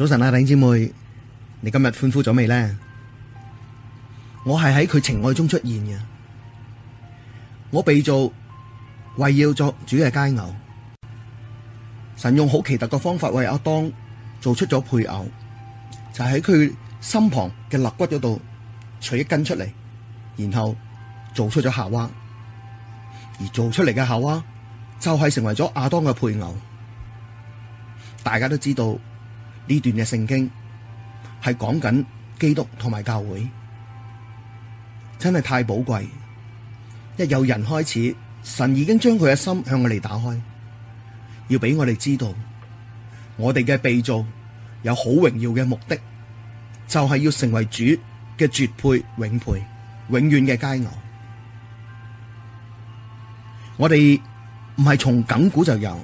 早晨啊，弟兄姊妹，你今日歡呼咗未呢？我係喺佢情愛中出現嘅，我被做為要作主嘅佳偶。神用好奇特嘅方法為阿當做出咗配偶，就喺佢身旁嘅肋骨嗰度取一根出嚟，然後做出咗夏娃，而做出嚟嘅夏娃就係成為咗阿當嘅配偶。大家都知道。呢段嘅聖經係講緊基督同埋教會，真係太寶貴。一有人開始，神已經將佢嘅心向我哋打開，要俾我哋知道，我哋嘅被造有好榮耀嘅目的，就係、是、要成為主嘅絕配、永配、永遠嘅佳偶。我哋唔係從亙古就有，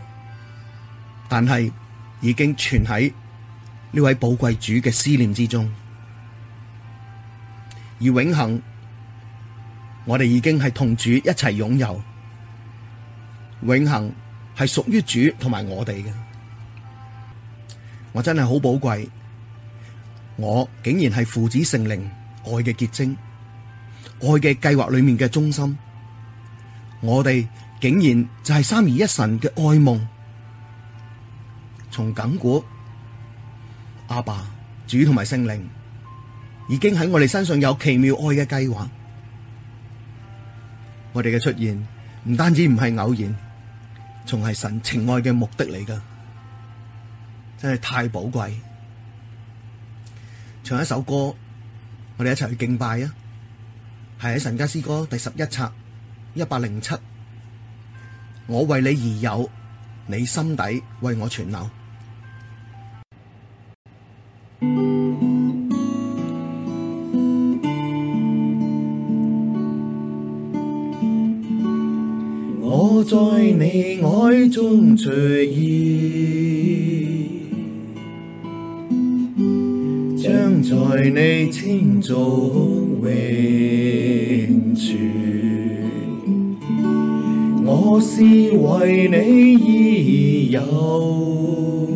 但係已經存喺，呢位寶貴主嘅思念之中，而永恆，我哋已經係同主一齊擁有。永恆係屬於主同埋我哋嘅，我真係好寶貴。我竟然係父子聖靈愛嘅結晶，愛嘅計劃裏面嘅中心，我哋竟然就係三而一神嘅愛夢，從亙古。阿爸、主同埋聖靈，已經喺我哋身上有奇妙愛嘅計劃。我哋嘅出現唔單止唔係偶然，仲係神情愛嘅目的嚟㗎，真係太寶貴。唱一首歌，我哋一齊去敬拜啊！係喺神家詩歌第十一冊一百零七，我為你而有，你心底為我存留。我在你愛中隨意，將在你情中永存。我是為你而有。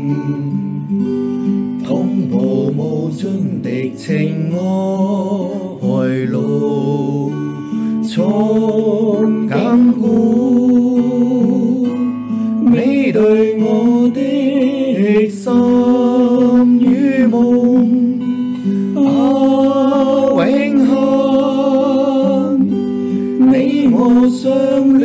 情愛路從亙古，你對我的心與夢，啊，永恆你我相。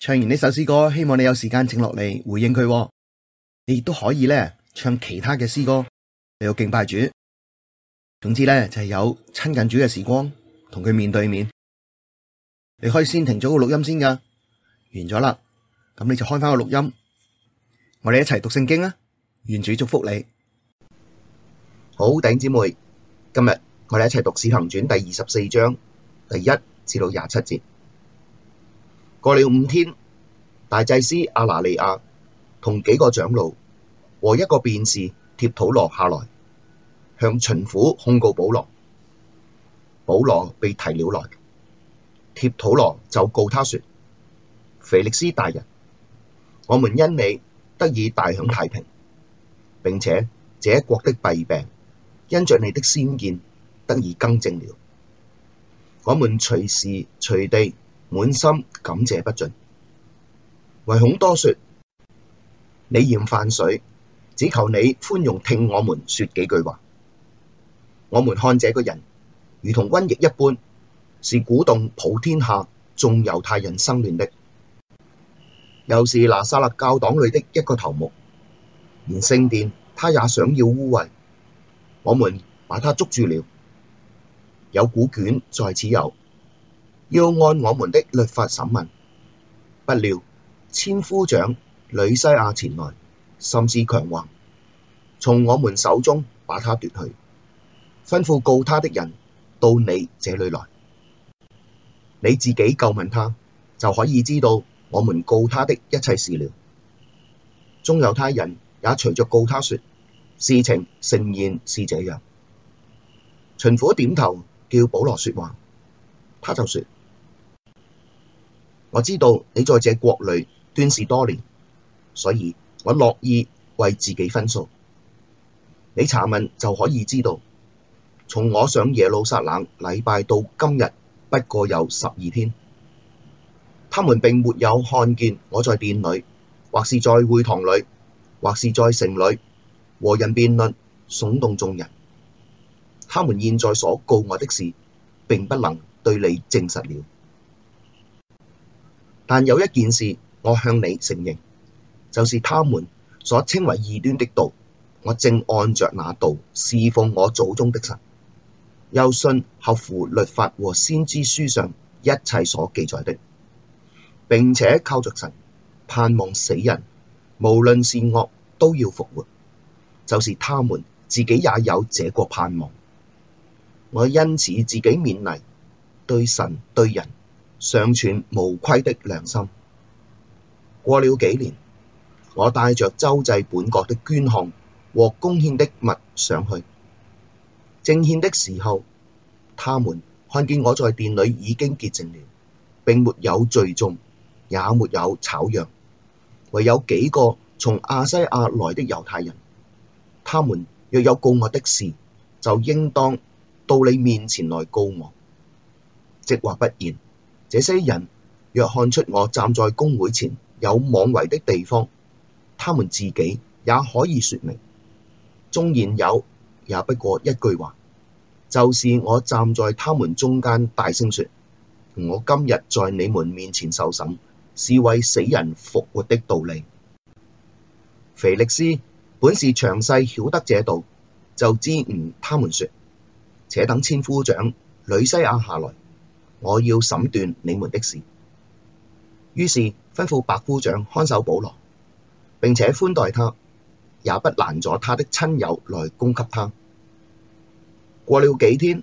唱完呢首詩歌，希望你有時間靜落嚟回應佢。你亦都可以咧唱其他嘅詩歌，你要敬拜主。總之咧就係、是、有親近主嘅時光，同佢面對面。你可以先停咗個錄音先噶，完咗啦，咁你就開返個錄音，我哋一齊讀聖經啊！願主祝福你。好，弟兄姊妹，今日我哋一齊讀使行傳第二十四章第一至到廿七節。過了五天，大祭司亞拿尼亞同幾個長老和一個辯士帖土羅下來，向巡撫控告保羅。保羅被提了來，帖土羅就告他說：腓力斯大人，我們因你得以大享太平，並且這一國的弊病，因着你的先見得以更正了。我們隨時隨地，滿心感謝不盡。唯恐多說，你嫌煩絮，只求你寬容聽我們說幾句話。我們看這個人，如同瘟疫一般，是鼓動普天下眾猶太人生亂的，又是拿撒勒教黨裏的一個頭目，連聖殿他也想要污穢，我們把他捉住了，有古卷在此有。要按我們的律法審問，不料千夫長呂西亞前來，甚是強橫，從我們手中把他奪去，吩咐告他的人到你這裏來，你自己究問他，就可以知道我們告他的一切事了。眾猶太人也隨着告他說，事情誠然是這樣。巡撫點頭，叫保羅說話，他就說。我知道你在這國裏斷事多年，所以我樂意為自己分訴。你查問就可以知道，從我上耶路撒冷禮拜到今日不過有十二天。他們並沒有看見我在殿裏，或是在會堂裏，或是在城裏，和人辯論，聳動眾人。他們現在所告我的事並不能對你證實了。但有一件事，我向你承認，就是他們所稱為異端的道，我正按着那道侍奉我祖宗的神，又信合乎律法和先知書上一切所記載的，並且靠着神，盼望死人，無論善惡，都要復活，就是他們自己也有這個盼望。我因此自己勉勵，對神對人。常存無虧的良心。過了幾年，我帶著賙濟本國的捐項和供獻的物上去，正獻的時候，他們看見我在殿裏已經潔淨了，並沒有聚眾，也沒有吵嚷，惟有幾個從亞西亞來的猶太人，他們若有告我的事，就應當到你面前來告我，即或不然。這些人若看出我站在公會前，有妄為的地方，他們自己也可以説明。縱然有，也不過一句話，就是我站在他們中間，大聲説：我今日在你們面前受審，是為死人復活的道理。腓力斯本是詳細曉得這道，就支吾他們説：且等千夫長呂西亞下來。我要審斷你們的事，於是吩咐百夫長看守保羅，並且寬待他，也不攔阻他的親友來供給他。過了幾天，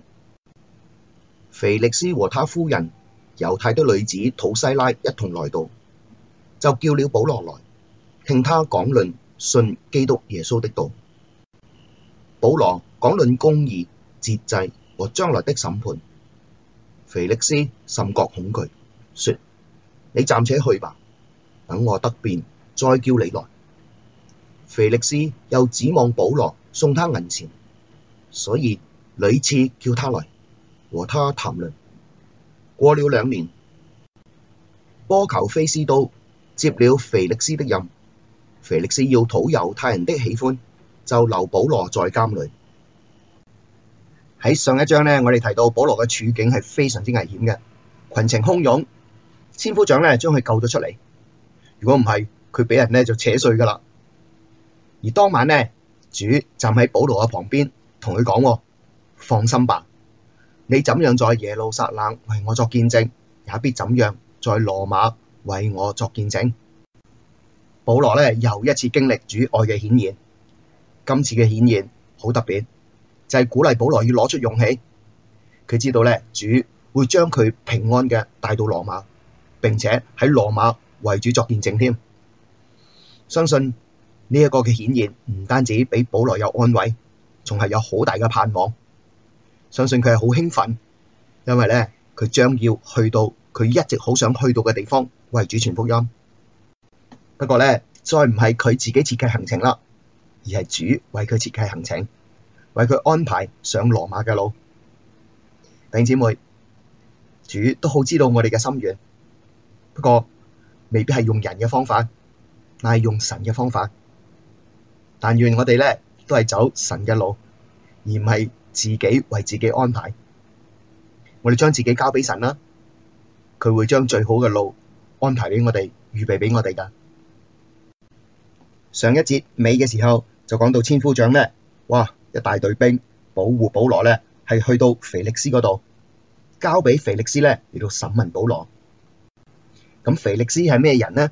腓力斯和他夫人猶太的女子土西拉一同來到，就叫了保羅來，聽他講論信基督耶穌的道。保羅講論公義、節制和將來的審判。腓力斯甚覺恐懼，說：你暫且去吧，等我得便再叫你來。腓力斯又指望保羅送他銀錢，所以屢次叫他來和他談論。過了兩年，波求非斯都接了腓力斯的任，腓力斯要討猶太人的喜歡，就留保羅在監裡。喺上一章呢，我哋提到保羅嘅處境係非常之危險嘅，群情洶湧，千夫長呢，將佢救咗出嚟。如果唔係，佢俾人呢就扯碎噶啦。而當晚呢，主站喺保羅嘅旁邊，同佢講：放心吧，你怎樣在耶路撒冷為我作見證，也必怎樣在羅馬為我作見證。保羅呢又一次經歷主愛嘅顯現，今次嘅顯現好特別。就係鼓勵保羅要攞出勇氣，佢知道咧，主會將佢平安嘅帶到羅馬，並且喺羅馬為主作見證添。相信呢一個嘅顯現唔單止俾保羅有安慰，仲係有好大嘅盼望。相信佢係好興奮，因為咧，佢將要去到佢一直好想去到嘅地方為主傳福音。不過咧，再唔係佢自己設計行程啦，而係主為佢設計行程。為佢安排上羅馬嘅路，弟兄姊妹，主都好知道我哋嘅心願，不過未必係用人嘅方法，但係用神嘅方法。但願我哋咧都係走神嘅路，而唔係自己為自己安排。我哋將自己交俾神啦，佢會將最好嘅路安排俾我哋，預備俾我哋嘅。上一節尾嘅時候就講到千夫長咧，哇！一大隊兵保護保羅咧，係去到腓力斯嗰度交俾腓力斯咧，嚟到審問保羅。咁腓力斯係咩人呢？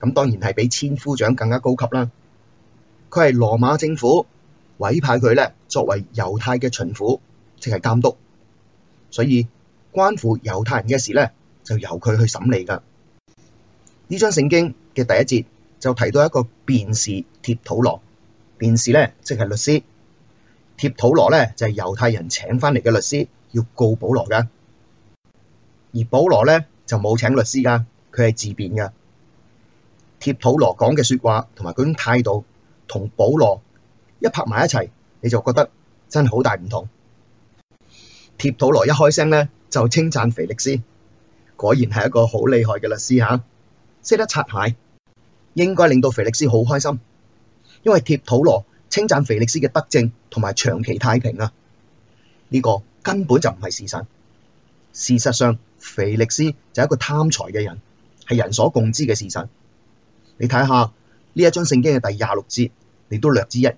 咁當然係比千夫長更加高級啦。佢係羅馬政府委派佢咧作為猶太嘅巡撫，即係監督，所以關乎猶太人嘅事咧就由佢去審理噶。呢章聖經嘅第一節就提到一個辯士帖土羅，辯士咧即係律師。帖土羅咧就係、是、猶太人請翻嚟嘅律師，要告保羅嘅。而保羅咧就冇請律師噶，佢係自辯噶。帖土羅講嘅說話同埋嗰種態度，同保羅一拍埋一齊，你就覺得真係好大唔同。帖土羅一開聲咧就稱讚腓力斯，果然係一個好厲害嘅律師吓，識、啊、得擦鞋，應該令到腓力斯好開心，因為帖土羅。稱讚腓力斯嘅德政同埋長期太平啊！呢、這個根本就唔係事實。事實上，腓力斯就係一個貪財嘅人，係人所共知嘅事實。你睇下呢一章聖經嘅第廿六節，你都略知一二。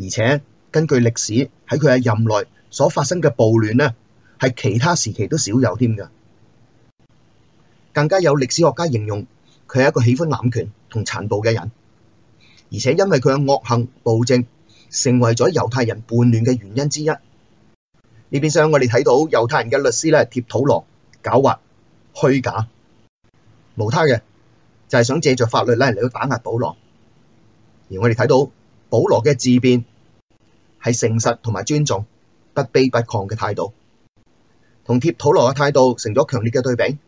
而且根據歷史喺佢嘅任內所發生嘅暴亂呢，係其他時期都少有添㗎。更加有歷史學家形容佢係一個喜歡濫權同殘暴嘅人。而且因為佢嘅惡行暴政，成為咗猶太人叛亂嘅原因之一。呢邊上我哋睇到猶太人嘅律師咧，帖土羅狡猾虛假，無他嘅就係、是、想借着法律咧嚟到打壓保羅。而我哋睇到保羅嘅自辯係誠實同埋尊重、不卑不亢嘅態度，同帖土羅嘅態度成咗強烈嘅對比。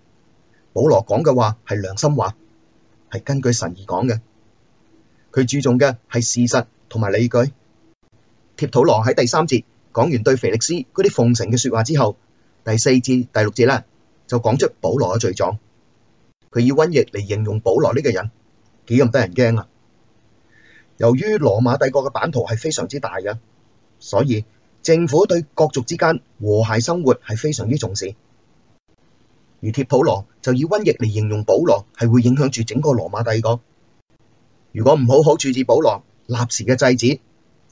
保羅講嘅話係良心話，係根據神而講嘅。佢注重嘅係事實同埋理據。帖土羅喺第三節講完對腓力斯嗰啲奉承嘅説話之後，第四節、第六節咧就講出保羅嘅罪狀。佢以瘟疫嚟形容保羅呢個人，幾咁得人驚啊！由於羅馬帝國嘅版圖係非常之大嘅，所以政府對各族之間和諧生活係非常之重視。而帖土羅就以瘟疫嚟形容保羅，係會影響住整個羅馬帝國。如果唔好好處置保羅，立時嘅制止，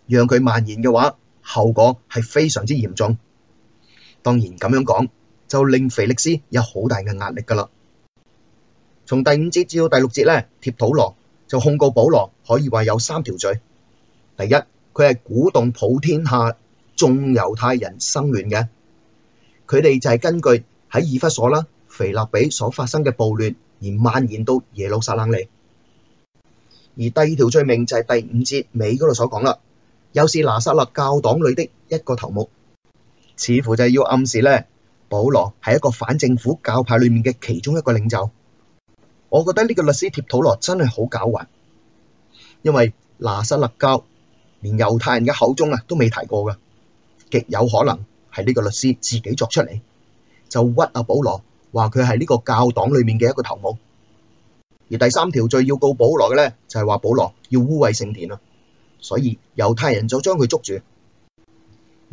讓佢蔓延嘅話，後果係非常之嚴重。當然咁樣講，就令腓力斯有好大嘅壓力噶啦。從第五節至到第六節咧，帖土羅就控告保羅，可以話有三條罪。第一，佢係鼓動普天下眾猶太人生亂嘅，佢哋就係根據喺以弗所啦、腓立比所發生嘅暴亂而蔓延到耶路撒冷嚟。而第二條罪名就係第五節尾嗰度所講啦，又是拿撒勒教黨裡的一個頭目，似乎就要暗示咧，保羅係一個反政府教派裡面嘅其中一個領袖。我覺得呢個律師帖土羅真係好狡猾，因為拿撒勒教連猶太人嘅口中啊都未提過噶極有可能係呢個律師自己作出嚟，就屈阿保羅話佢係呢個教黨裡面嘅一個頭目。而第三條罪要告保羅嘅咧，就係話保羅要污穢聖殿咯，所以猶太人就將佢捉住。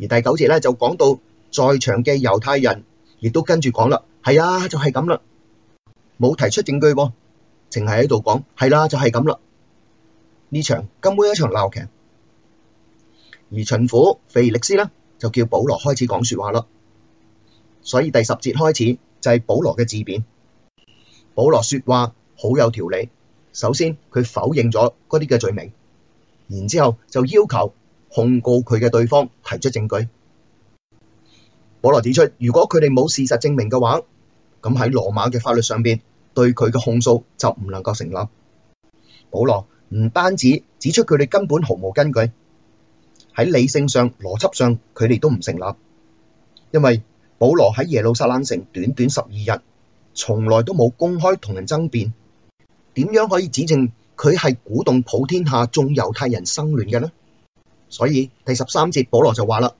而第九節咧就講到在場嘅猶太人亦都跟住講啦，係啊，就係咁啦，冇提出證據，淨係喺度講係啦，就係咁啦，呢場根本一場鬧劇。而巡撫腓力斯咧，就叫保羅開始講說話咯，所以第十節開始就係保羅嘅自辯，保羅說話好有條理。首先，佢否認咗嗰啲嘅罪名，然之後就要求控告佢嘅對方提出證據。保羅指出，如果佢哋冇事實證明嘅話，咁喺羅馬嘅法律上邊對佢嘅控訴就唔能夠成立。保羅唔單止指出佢哋根本毫無根據，喺理性上、邏輯上，佢哋都唔成立。因為保羅喺耶路撒冷城短短十二日，從來都冇公開同人爭辯。點樣可以指證佢係鼓動普天下眾猶太人生亂嘅呢？所以第十三節，保羅就話啦：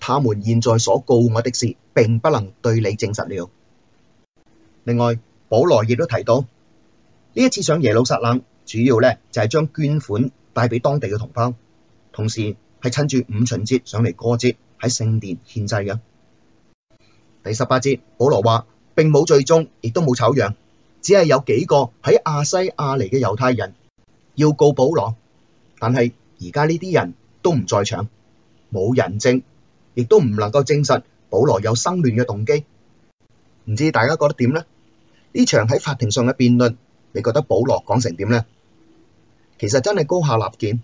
他們現在所告我的事，並不能對你證實了。另外，保羅亦都提到，呢一次上耶路撒冷，主要咧就係、是、將捐款帶俾當地嘅同胞，同時係趁住五旬節上嚟過節，喺聖殿獻祭嘅。第十八節，保羅話：並冇聚眾，亦都冇吵嚷。只係有幾個喺亞西亞嚟嘅猶太人要告保羅，但係而家呢啲人都唔在場，冇人證，亦都唔能夠證實保羅有生亂嘅動機。唔知大家覺得點呢？呢場喺法庭上嘅辯論，你覺得保羅講成點呢？其實真係高下立見。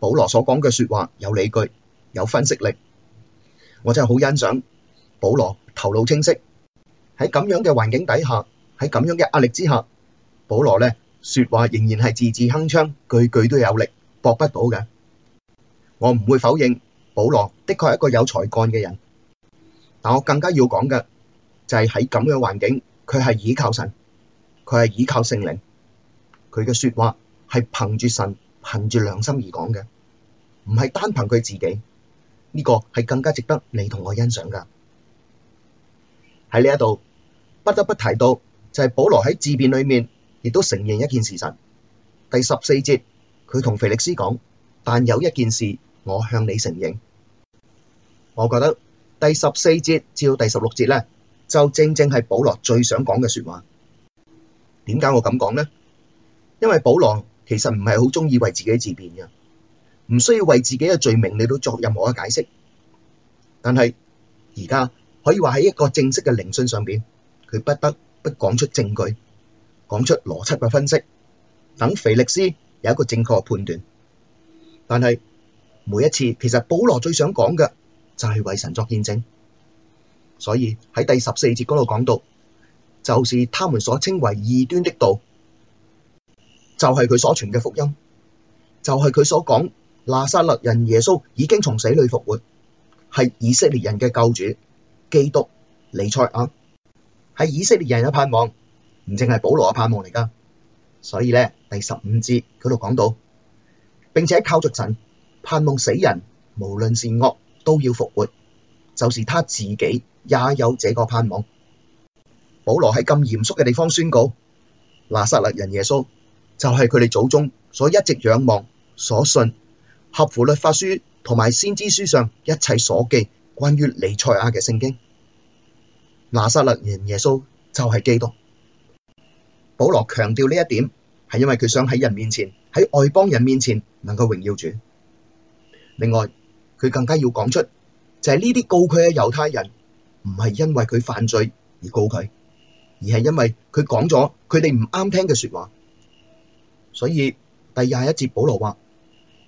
保羅所講嘅說話有理據，有分析力，我真係好欣賞保羅頭腦清晰喺咁樣嘅環境底下。喺咁樣嘅壓力之下，保羅咧說話仍然係字字鏗鏘，句句都有力，搏不到嘅。我唔會否認保羅的確係一個有才幹嘅人，但我更加要講嘅就係喺咁樣環境，佢係倚靠神，佢係倚靠聖靈，佢嘅說話係憑住神、憑住良心而講嘅，唔係單憑佢自己。呢、這個係更加值得你同我欣賞噶。喺呢一度不得不提到。就係保羅喺自辯裏面，亦都承認一件事實。第十四節，佢同腓力斯講：「但有一件事，我向你承認。」我覺得第十四節至到第十六節咧，就正正係保羅最想講嘅說話。點解我咁講呢？因為保羅其實唔係好中意為自己自辯嘅，唔需要為自己嘅罪名，你都作任何嘅解釋。但係而家可以話喺一個正式嘅聆訊上邊，佢不得。不講出證據，講出邏輯嘅分析，等腓力斯有一個正確嘅判斷。但係每一次，其實保羅最想講嘅就係為神作見證。所以喺第十四節嗰度講到，就是他們所稱為異端的道，就係、是、佢所傳嘅福音，就係、是、佢所講拿撒勒人耶穌已經從死裡復活，係以色列人嘅救主基督彌賽亞。係以色列人嘅盼望，唔淨係保羅嘅盼望嚟噶。所以咧，第十五節佢度講到，並且靠着神盼望死人，無論善惡都要復活，就是他自己也有這個盼望。保羅喺咁嚴肅嘅地方宣告：拿撒勒人耶穌就係佢哋祖宗所一直仰望、所信，合乎律法書同埋先知書上一切所記關於彌賽亞嘅聖經。拿撒勒人耶穌就係基督。保羅強調呢一點，係因為佢想喺人面前，喺外邦人面前，能夠榮耀主。另外，佢更加要講出，就係呢啲告佢嘅猶太人，唔係因為佢犯罪而告佢，而係因為佢講咗佢哋唔啱聽嘅說話。所以第廿一節保羅話：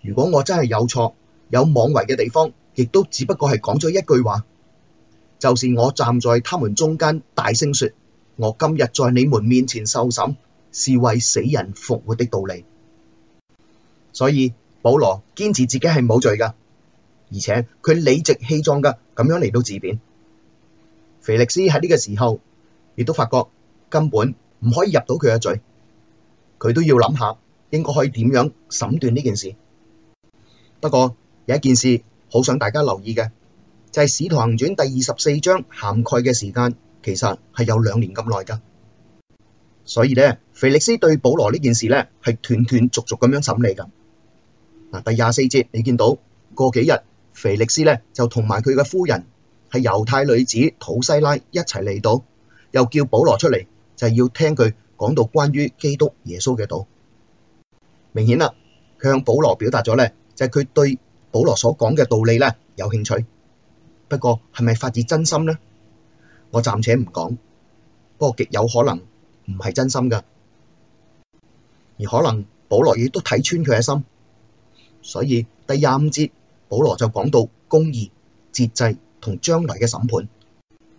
如果我真係有錯有妄為嘅地方，亦都只不過係講咗一句話。就是我站在他們中間大聲說：我今日在你們面前受審，是為死人復活的道理。所以保羅堅持自己係冇罪噶，而且佢理直氣壯噶咁樣嚟到自辯。腓力斯喺呢個時候亦都發覺根本唔可以入到佢嘅罪，佢都要諗下應該可以點樣審斷呢件事。不過有一件事好想大家留意嘅。就係《使徒行傳》第二十四章涵蓋嘅時間，其實係有兩年咁耐㗎。所以呢，腓力斯對保羅呢件事呢係斷斷續續咁樣審理㗎。嗱，第二十四節你見到過幾日，腓力斯呢就同埋佢嘅夫人係猶太女子土西拉一齊嚟到，又叫保羅出嚟，就係要聽佢講到關於基督耶穌嘅道。明顯啦，佢向保羅表達咗呢，就係、是、佢對保羅所講嘅道理呢有興趣。不過係咪發自真心呢？我暫且唔講，不過極有可能唔係真心噶，而可能保羅亦都睇穿佢嘅心。所以第廿五節保羅就講到公義、節制同將來嘅審判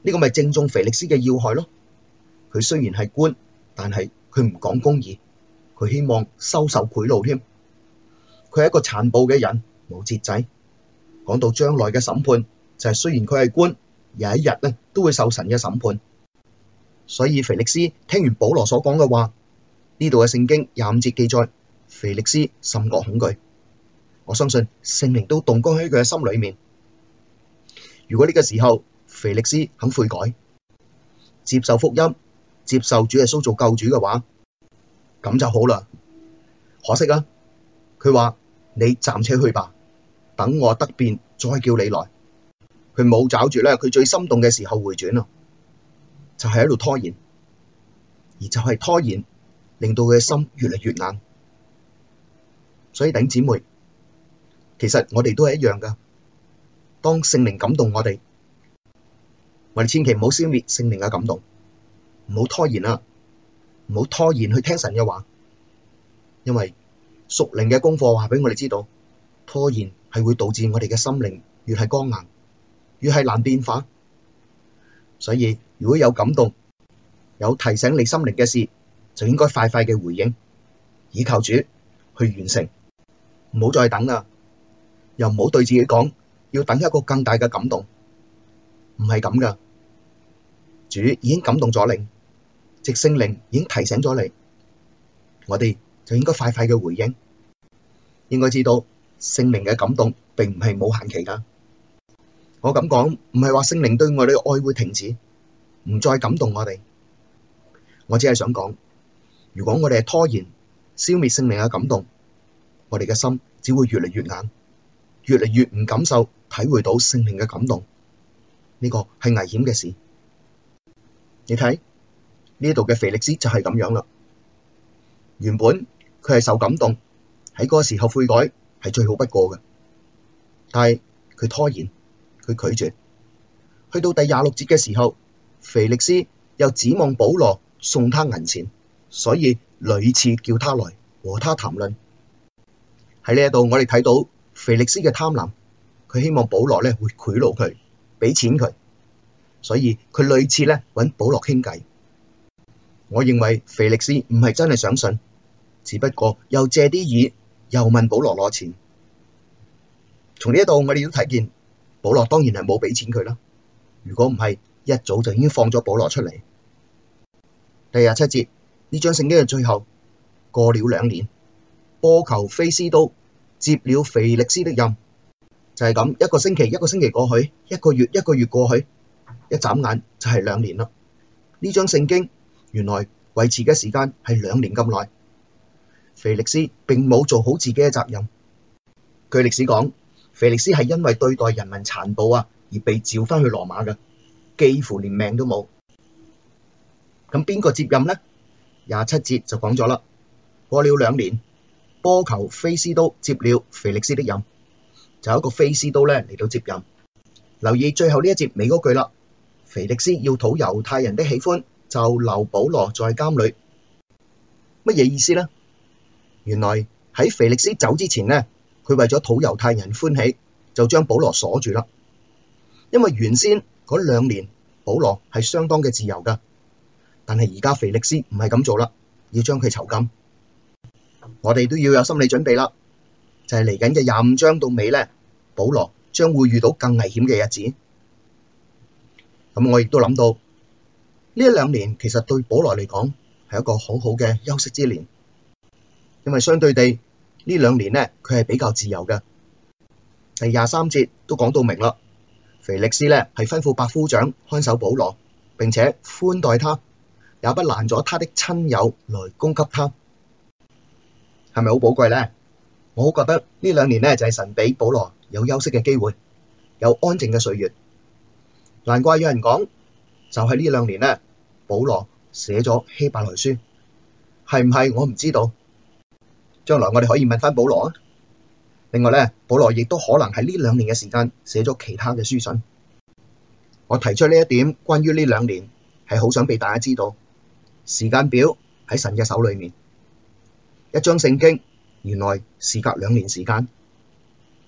呢個咪正中腓力斯嘅要害咯。佢雖然係官，但係佢唔講公義，佢希望收受賄賂添，佢係一個殘暴嘅人，冇節制，講到將來嘅審判。就係雖然佢係官，有一日咧都會受神嘅審判。所以腓力斯聽完保羅所講嘅話，呢度嘅聖經廿五節記載，腓力斯甚覺恐懼。我相信聖靈都動工喺佢嘅心裏面。如果呢個時候腓力斯肯悔改，接受福音，接受主耶穌做救主嘅話，咁就好啦。可惜啊，佢話你暫且去吧，等我得便再叫你來。佢冇抓住咧，佢最心動嘅時候回轉咯，就係喺度拖延，而就係拖延令到佢嘅心越嚟越硬。所以頂姊妹，其實我哋都係一樣噶。當聖靈感動我哋，我哋千祈唔好消滅聖靈嘅感動，唔好拖延啦，唔好拖延去聽神嘅話，因為屬靈嘅功課話俾我哋知道，拖延係會導致我哋嘅心靈越係光硬。越係難變化，所以如果有感動、有提醒你心靈嘅事，就應該快快嘅回應，以求主去完成，唔好再等啦，又唔好對自己講要等一個更大嘅感動，唔係咁噶，主已經感動咗你，直聖靈已經提醒咗你，我哋就應該快快嘅回應，應該知道聖靈嘅感動並唔係冇限期噶。我咁講唔係話聖靈對我哋嘅愛會停止，唔再感動我哋。我只係想講，如果我哋係拖延，消滅聖靈嘅感動，我哋嘅心只會越嚟越硬，越嚟越唔感受體會到聖靈嘅感動。呢個係危險嘅事。你睇呢度嘅腓力斯就係咁樣啦。原本佢係受感動，喺嗰個時候悔改係最好不過嘅，但係佢拖延。佢拒絕去到第廿六節嘅時候，腓力斯又指望保羅送他銀錢，所以屢次叫他來和他談論。喺呢一度，我哋睇到腓力斯嘅貪婪，佢希望保羅咧會賄賂佢，俾錢佢，所以佢屢次咧搵保羅傾偈。我認為腓力斯唔係真係想信，只不過又借啲意，又問保羅攞錢。從呢一度，我哋都睇見。保羅當然係冇畀錢佢啦，如果唔係，一早就已經放咗保羅出嚟。第廿七節，呢張聖經嘅最後，過了兩年，波求非斯都接了腓力斯的任，就係、是、咁一個星期一個星期過去，一個月一個月過去，一眨眼就係兩年啦。呢張聖經原來維持嘅時間係兩年咁耐，腓力斯並冇做好自己嘅責任。據歷史講。腓力斯係因為對待人民殘暴啊，而被召返去羅馬嘅，幾乎連命都冇。咁邊個接任呢？廿七節就講咗啦。過了兩年，波求非斯都接了腓力斯的任，就有一個非斯都咧嚟，到接任。留意最後呢一節尾嗰句啦，腓力斯要討猶太人的喜歡，就留保羅在監裡。乜嘢意思呢？原來喺腓力斯走之前呢。佢為咗討猶太人歡喜，就將保羅鎖住啦。因為原先嗰兩年保羅係相當嘅自由噶，但係而家腓力斯唔係咁做啦，要將佢囚禁。我哋都要有心理準備啦，就係嚟緊嘅廿五章到尾咧，保羅將會遇到更危險嘅日子。咁我亦都諗到呢一兩年其實對保羅嚟講係一個好好嘅休息之年，因為相對地。呢兩年呢，佢係比較自由嘅。第廿三節都講到明啦，腓力斯咧係吩咐百夫長看守保羅，並且寬待他，也不攔阻他的親友來供給他。係咪好寶貴呢？我覺得呢兩年呢，就係神俾保羅有休息嘅機會，有安靜嘅歲月。難怪有人講，就係呢兩年呢，保羅寫咗希伯來書。係唔係我唔知道。將來我哋可以問翻保羅。另外咧，保羅亦都可能喺呢兩年嘅時間寫咗其他嘅書信。我提出呢一點，關於呢兩年係好想俾大家知道，時間表喺神嘅手裏面。一章聖經原來時隔兩年時間，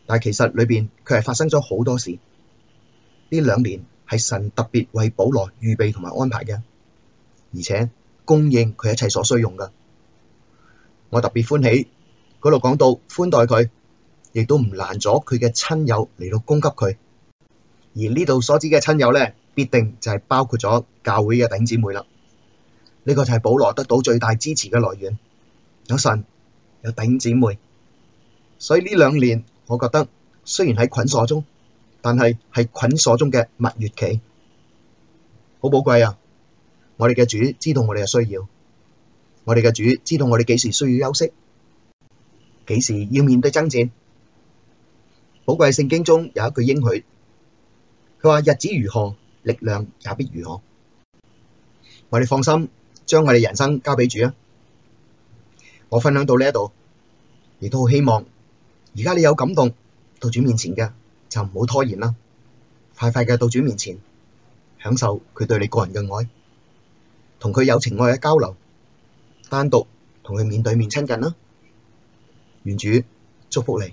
但其實裏邊佢係發生咗好多事。呢兩年係神特別為保羅預備同埋安排嘅，而且供應佢一切所需用嘅。我特別歡喜嗰度講到寬待佢，亦都唔攔阻佢嘅親友嚟到供給佢。而呢度所指嘅親友咧，必定就係包括咗教會嘅頂姊妹啦。呢、這個就係保羅得到最大支持嘅來源，有神，有頂姊妹。所以呢兩年，我覺得雖然喺捆鎖中，但係係捆鎖中嘅蜜月期，好寶貴啊！我哋嘅主知道我哋嘅需要。我哋嘅主知道我哋幾時需要休息，幾時要面對爭戰。寶貴聖經中有一句應許，佢話日子如何，力量也必如何。我哋放心，將我哋人生交俾主啊！我分享到呢一度，亦都好希望而家你有感動到主面前嘅，就唔好拖延啦，快快嘅到主面前享受佢對你個人嘅愛，同佢有情愛嘅交流。單獨同佢面對面親近啦，願主祝福你。